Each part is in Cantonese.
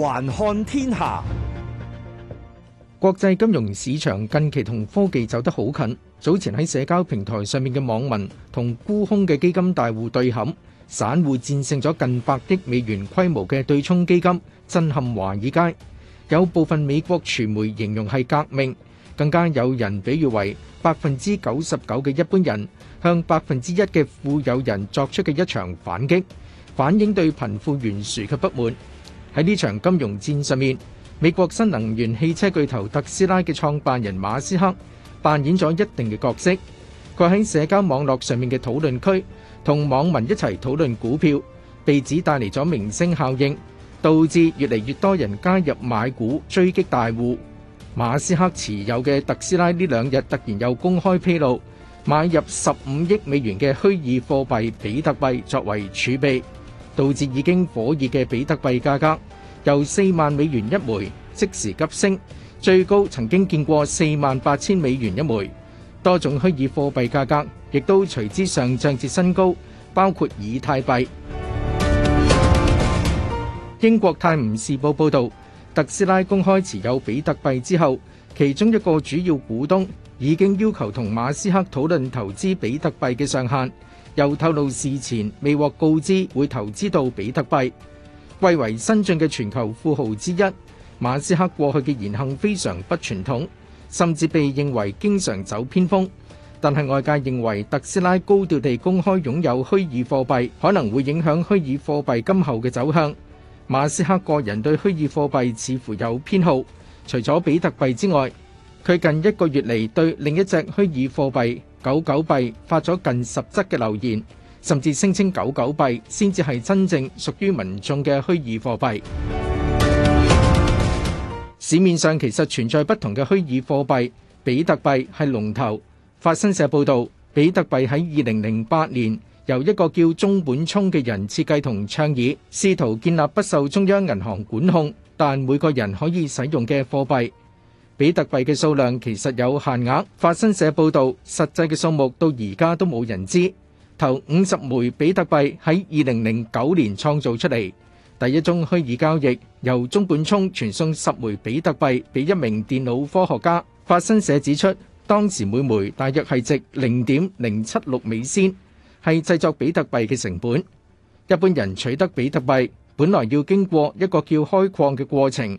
環看天下，國際金融市場近期同科技走得好近。早前喺社交平台上面嘅網民同沽空嘅基金大戶對撼，散戶戰勝咗近百億美元規模嘅對沖基金，震撼華爾街。有部分美國傳媒形容係革命，更加有人比喻為百分之九十九嘅一般人向百分之一嘅富有人作出嘅一場反擊，反映對貧富懸殊嘅不滿。喺呢場金融戰上面，美國新能源汽車巨頭特斯拉嘅創辦人馬斯克扮演咗一定嘅角色。佢喺社交網絡上面嘅討論區，同網民一齊討論股票，被指帶嚟咗明星效應，導致越嚟越多人加入買股追擊大戶。馬斯克持有嘅特斯拉呢兩日突然又公開披露，買入十五億美元嘅虛擬貨幣比特幣作為儲備。導致已經火熱嘅比特幣價格由四萬美元一枚即時急升，最高曾經見過四萬八千美元一枚。多種虛擬貨幣價格亦都隨之上漲至新高，包括以太幣。 英國《泰晤士報》報道，特斯拉公開持有比特幣之後，其中一個主要股東已經要求同馬斯克討論投資比特幣嘅上限。又透露事前未獲告知會投資到比特幣，貴為新進嘅全球富豪之一。馬斯克過去嘅言行非常不傳統，甚至被認為經常走偏鋒。但係外界認為特斯拉高調地公開擁有虛擬貨幣，可能會影響虛擬貨幣今後嘅走向。馬斯克個人對虛擬貨幣似乎有偏好，除咗比特幣之外，佢近一個月嚟對另一隻虛擬貨幣。狗狗幣發咗近十則嘅留言，甚至聲稱狗狗幣先至係真正屬於民眾嘅虛擬貨幣。市面上其實存在不同嘅虛擬貨幣，比特幣係龍頭。法新社報道，比特幣喺二零零八年由一個叫中本聰嘅人設計同倡議，試圖建立不受中央銀行管控但每個人可以使用嘅貨幣。比特幣嘅數量其實有限額，法新社報導，實際嘅數目到而家都冇人知。頭五十枚比特幣喺二零零九年創造出嚟，第一宗虛擬交易由中本聰傳送十枚比特幣俾一名電腦科學家。法新社指出，當時每枚大約係值零點零七六美仙，係製作比特幣嘅成本。一般人取得比特幣，本來要經過一個叫開礦嘅過程。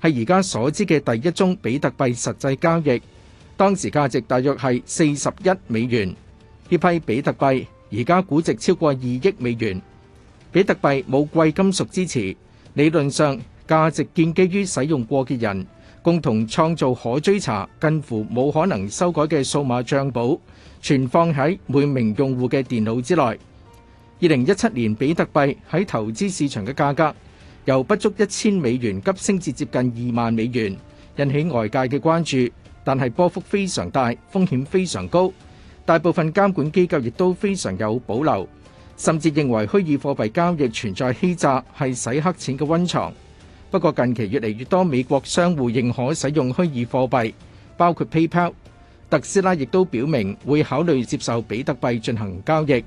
係而家所知嘅第一宗比特幣實際交易，當時價值大約係四十一美元。呢批比特幣而家估值超過二億美元。比特幣冇貴金屬支持，理論上價值建基於使用過嘅人共同創造可追查、近乎冇可能修改嘅數碼賬簿，存放喺每名用戶嘅電腦之內。二零一七年比特幣喺投資市場嘅價格，由不足一千美元急升至接近二萬美元，引起外界嘅關注。但係波幅非常大，風險非常高，大部分監管機構亦都非常有保留，甚至認為虛擬貨幣交易存在欺詐，係洗黑錢嘅溫床。不過近期越嚟越多美國商戶認可使用虛擬貨幣，包括 PayPal、特斯拉亦都表明會考慮接受比特幣進行交易。